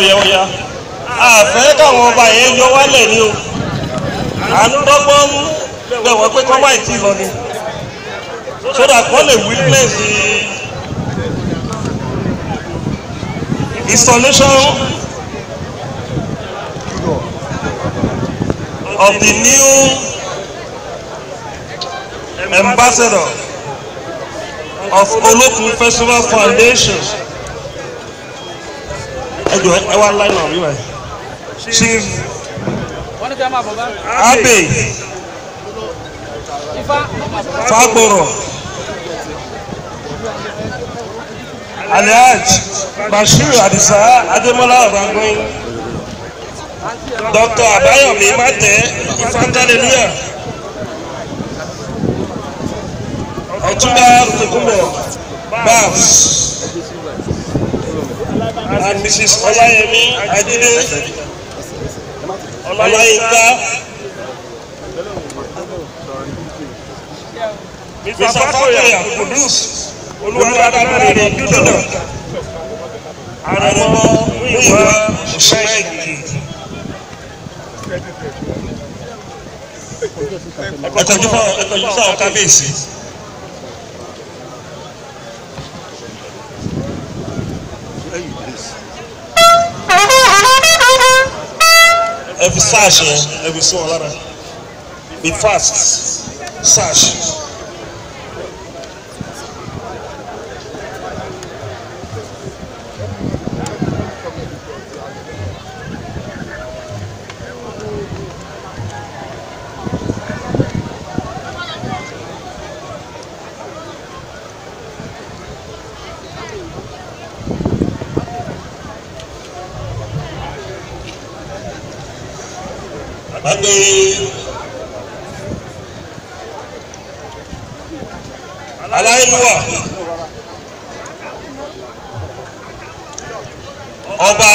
ọ̀yà ọ̀yà àfẹ́ káwọn ọba yẹn yọ wálẹ̀ ni o à ń dọ́gbọ́n bẹ̀ wọ́n pé kọ́má ìtì lọ ni sódà kọ́ lè witness installation of the new ambassador of Olokun Festival Foundation ẹjọ ẹ wá láì náà wíwá chief abe fagboro alhaji bashir adisa ademola ọ̀rọ̀gbọ́n dr abayomi mate ifangaleluya ọ̀túnba lukumbo babs and Mrs. Ọláyẹmí Adídé Ọláyínká. Mr. Fakoya Kudus Olúwadábẹ̀rẹ̀ Dídùnà Àrẹ̀mọ Wíwá Ṣẹ́yìnkì. Ẹ̀kọ́jú fún àwọn kábíyèsí. é sash, é every so, Lara. fast, sash. pé aláìlúwà ọba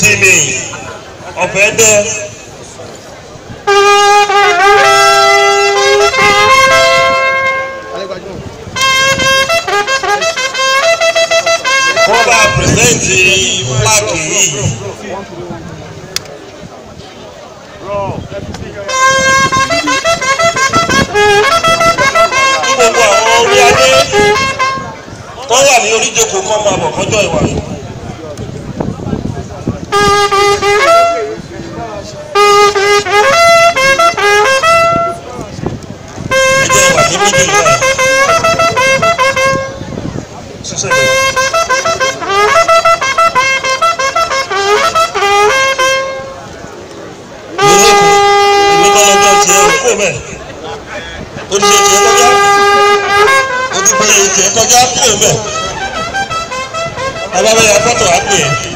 tìmì ọ̀fẹ́ dẹ́. wọ́n bá pẹ̀sẹ́ǹtì páàkì gbogbo àwọn orí adé tó wà ní oríjòkó kan máa bọ̀ kọjọ́ ìwà yìí. kó bẹ̀ o ti ṣe tiẹ̀ kọjá o ti bẹ̀rẹ̀ tiẹ̀ kọjá kó bẹ̀ bàbá bẹ̀rẹ̀ fọ́tò àpè yẹn.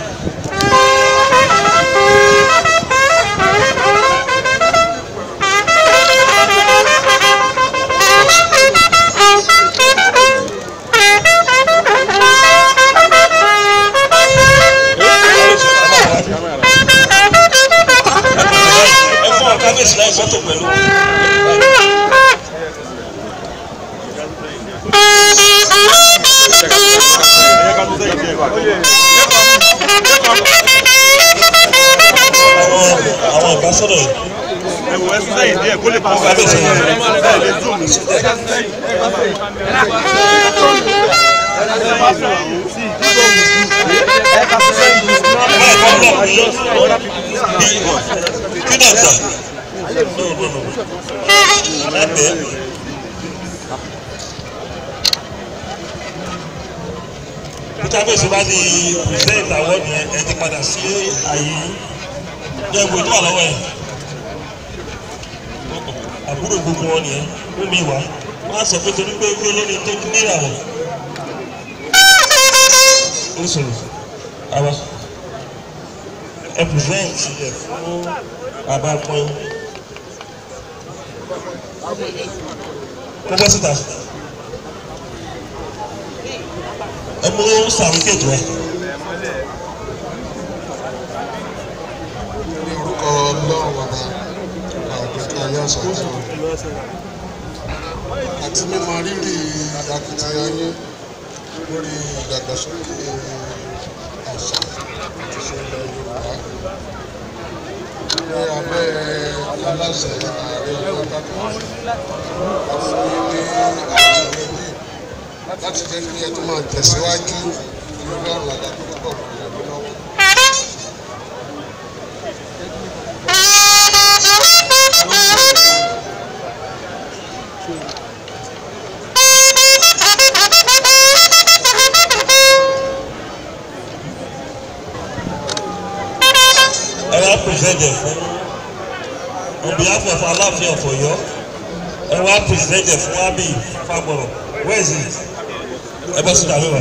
kábíyèsí láì fọ́tò pẹ̀lú. àwọn àgbà sọ̀rọ̀ yìí. ẹ̀wọ̀ ẹ sẹ́yìn díẹ̀ kó lè pa ọ̀gá bẹ̀rẹ̀ sẹ́yìn bẹ́ẹ̀ lè zoom. Kí ni àgbà? no no no abẹ. peter gbèsè bá ní present award yẹn ẹ ti é sí àyè jẹ́ ìwé tó wà lọ́wọ́ ẹ̀ àbúrò gbogbo wọn nìyẹn ó mi wá wọn á sọ pé torí pé wíwé lórí tó ní ìràwọ̀ ó sọ̀rọ̀ àwa ẹ present ẹ fún bàbá pọ́n kó bọ́ síta ẹ mú sàrún kéètò ẹ. ní orúkọ ọlọ́run ọba àgbẹ̀kẹ́ ayé àti mímọ rírì akitiyan yín lórí ìdàgbàsókè àṣà àti ìṣẹ̀lẹ̀ Yorùbá ní abẹ́ aláṣẹ ààrẹ ọ̀gá àwọn ní àjẹmẹ́bí láti jẹ́ kí ẹ tó máa tẹ̀síwájú lórí ọ̀rọ̀ àdàpọ̀ púpọ̀. University of Oyo ẹ wá present ẹ fún wa bíi fagbọrọ where is he ẹ bọ́ sí ìdàlúwà.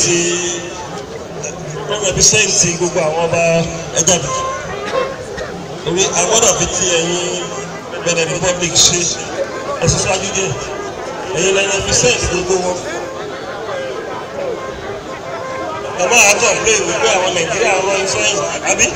ṣe wọ́n rẹpísẹ́ǹtì gbogbo àwọn ọba ẹgbẹ́bí orí agbọ́dọ̀ fi ti ẹ̀yin Benin Republic ṣe ẹ̀sùn ṣáájú dé ẹ̀yin lẹ́yìn rẹpísẹ́ǹtì gbogbo wọn. bàbá àtọ̀ pé ìwé pé àwọn Nàìjíríà wọn ń àbí.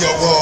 your ọwọ́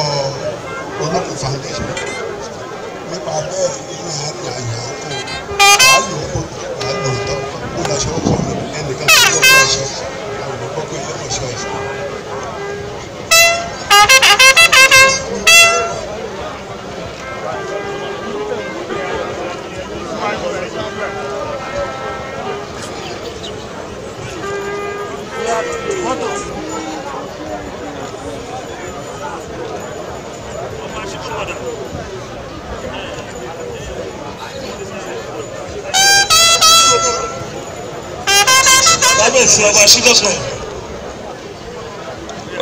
bàbá Serious Man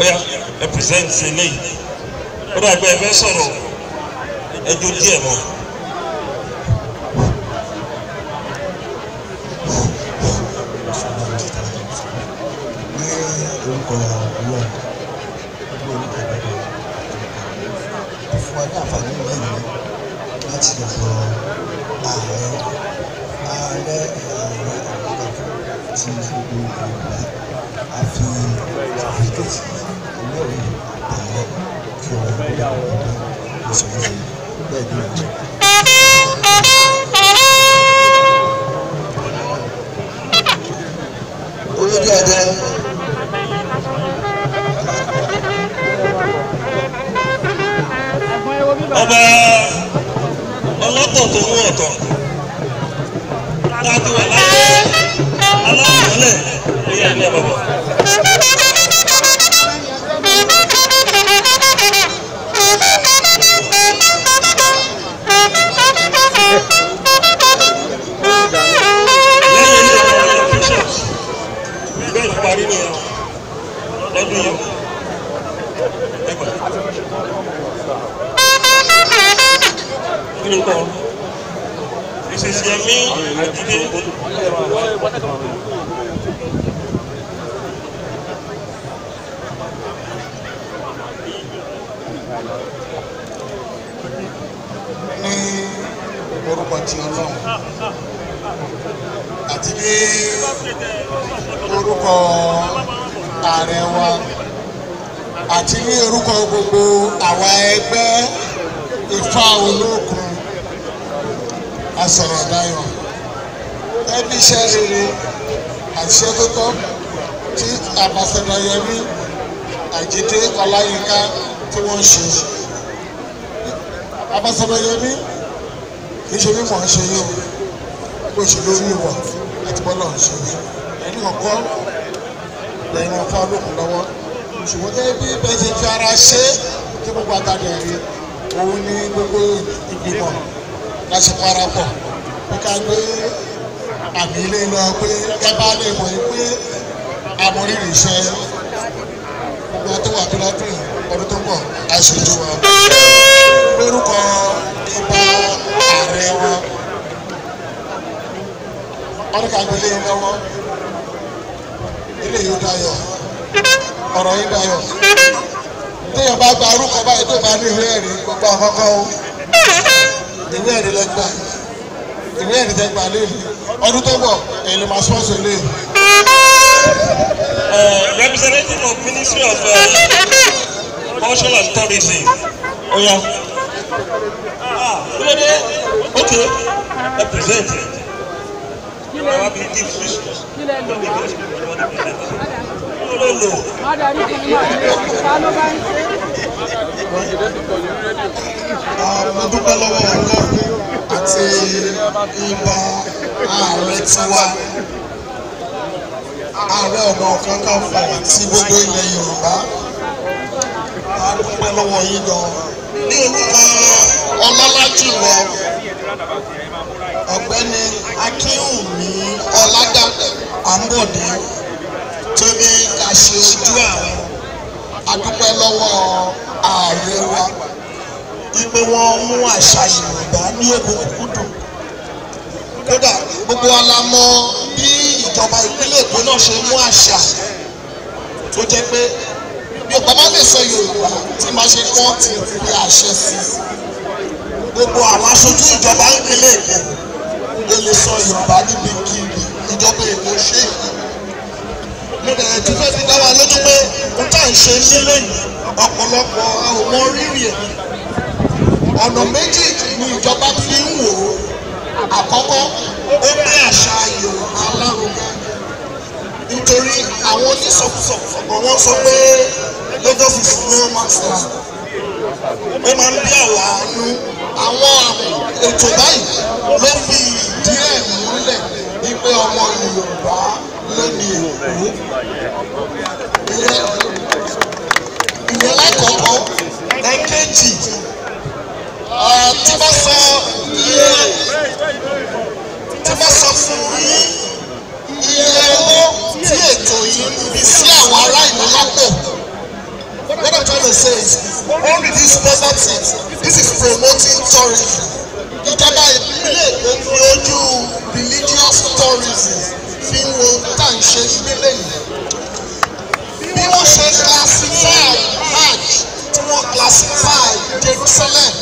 ọ̀ya ẹ present eléyìí ó dàgbà ẹ fẹ́ sọ̀rọ̀ ẹjọ́ díẹ̀ mọ́. orúkọ sí gbogbo ìgbà àfi sàfikẹ́tì ẹlẹ́rìí ààrẹ kí ọ̀rọ̀ ìgbà ọ̀dọ́ ìṣòro bẹ́ẹ̀ ni ìjọba. Ha ha ha ha! ti ọlọ́run àti ní orúkọ ààrẹ wa àti ní orúkọ gbogbo àwa ẹgbẹ́ Ifá olókun asọ̀rọ̀ dayọ̀ ẹbí iṣẹ́ rere àṣẹ tó tọ́ tí àbàṣẹ̀dọ̀ Yẹmí Àjídé Ọláyínká tí wọ́n ṣe àbàṣẹ̀dọ̀ Yẹmí níṣẹ́ bí mò ń ṣe yín bó ṣe lórí ìwà àti bọ́lá ń ṣe yín ẹni ọ̀gọ́ lẹ́yìn ọ̀fọ́ lókun lọ́wọ́ ṣùgbọ́n gẹ́gẹ́ bí bẹ́ẹ̀ ṣe fi ara ṣe kí gbogbo àtàdé rí òun ní gbogbo ìgbìmọ̀ láti parapọ̀ pé ká gbé àmì ilé lọ pé ẹ lè mọ̀ pé amórírì iṣẹ́ gbogbo àtọ́wà tó lọ́dún ọdún tó ń bọ̀ àṣejù wa lórúkọ ìbá ọ̀rọ̀ yìí dayọ̀ téèyàn bá gba orúkọ báyìí tó máa ní ìwé ẹ̀rí gbogbo àkọ́kọ́ o ìwé ẹ̀rí lẹ́gbàá ìwé ẹ̀rí lẹ́gbàá léèrè ọdún tó bọ̀ èyí ló máa sponsor lé. representative of ministry of uh, and tourism. Oh, yeah kílódé ok ẹ present ẹ wá bí give fish kílódé lò mádàrí kò ní máa lè ká ló bá ń ṣe. mo dúpẹ́ lọ́wọ́ ọlọ́run àti ìbọn ààrẹ tiwa ààrẹ ọ̀nà kankan fọ̀ sí gbogbo ilẹ̀ yorùbá a dúpẹ́ lọ́wọ́ yín gan-an ní orúkọ ọlọ́lájùlọ ọ̀gbẹ́ni akínwùmí ọ̀làdàpọ̀ àǹbọ̀dé tó ní ká ṣe ojú àwọn adúpẹ́ lọ́wọ́ ààrẹ wa ipe wọn mú àṣà yorùbá ní egungun dùn kódà gbogbo wa la mọ̀ bí ìjọba ìpínlẹ̀ èkó náà ṣe mú àṣà tó jẹ́ pé yorùbá má sọ Yorùbá tí máa ṣe kóòtù ìwé àṣẹ sí gbogbo àwọn aṣojú ìjọba ìpínlẹ̀ Èkó ló lè sọ Yorùbá níbi kiri ìjọba Èkó ṣe yìí mo bẹ̀rẹ̀ tí fẹ́ fi dá wa lójú pé ohun tá à ń ṣe nílé yìí ọ̀pọ̀lọpọ̀ àwọn rírì ẹ̀ ọ̀nà méjì ni ìjọba fi ń wò ó àkọ́kọ́ ó gbé àṣà Yorùbá lárugẹ nítorí àwọn onísọkúsọ ọ̀gbọ̀n wọn sọ pé Lagos is no man's land ó máa ń bí àlàánú àwọn ètò báyìí ló fi ìdí ẹ̀ múlẹ̀ wípé ọmọ Yorùbá ló ní èkó ìyẹn lákọ̀ọ́kọ́ ẹ̀kejì tí bá sọ tí bá sọ fún yín ìrànwọ́ tí ètò yìí sí àwọn ará ìlú lápò. What I'm trying to say is, all reduce poverty, this is promoting tourism. Ìjọba ìpínlẹ̀ Èkó fi ojú religious tourism fi ń wo tá à ń ṣe nílẹ̀ yìí. Bí wọ́n ṣe classify Hajj tí wọ́n classify Jerusalem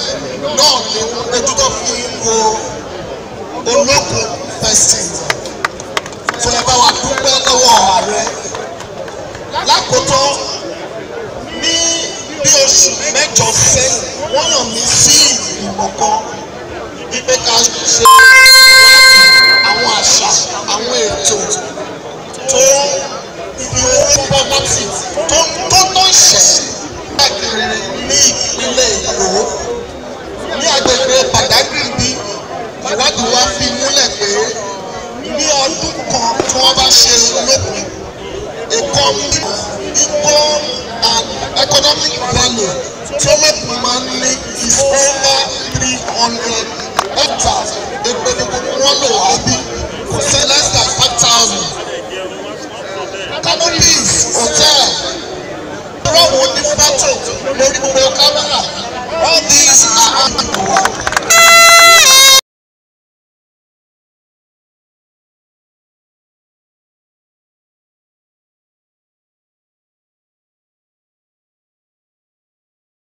náà ni ẹjọ́ fi ń wo olókun fẹ̀sìn fún ẹ bá wa dúpẹ́ lọ́wọ́ ààrẹ lákòótọ́ ní bí oṣù mẹ́jọ sẹ́yìn wọ́n yàn mí sí ìgbìmọ̀ kan wípé ká ṣe àwọn àṣà àwọn ètò tó ibi owó pọ́pọ́tì tó tó tó ṣẹ̀ káàkiri ní ìpínlẹ̀ Èkó ní agbègbè Bàdágìrì bí ìwádìí wa fi múlẹ̀ pé ní ọdún kan tí wọ́n bá ṣe lópin economic income and economic value tí ó mẹ́kùn máa ń ní is over three hundred hectares ìpele gbogbo wọn lò wá bí kò sẹ́ less than five thousand canopies hotel rọ̀wọ̀ ní fọ́tò lórí gbogbo kámẹ́rà all these are hard to work.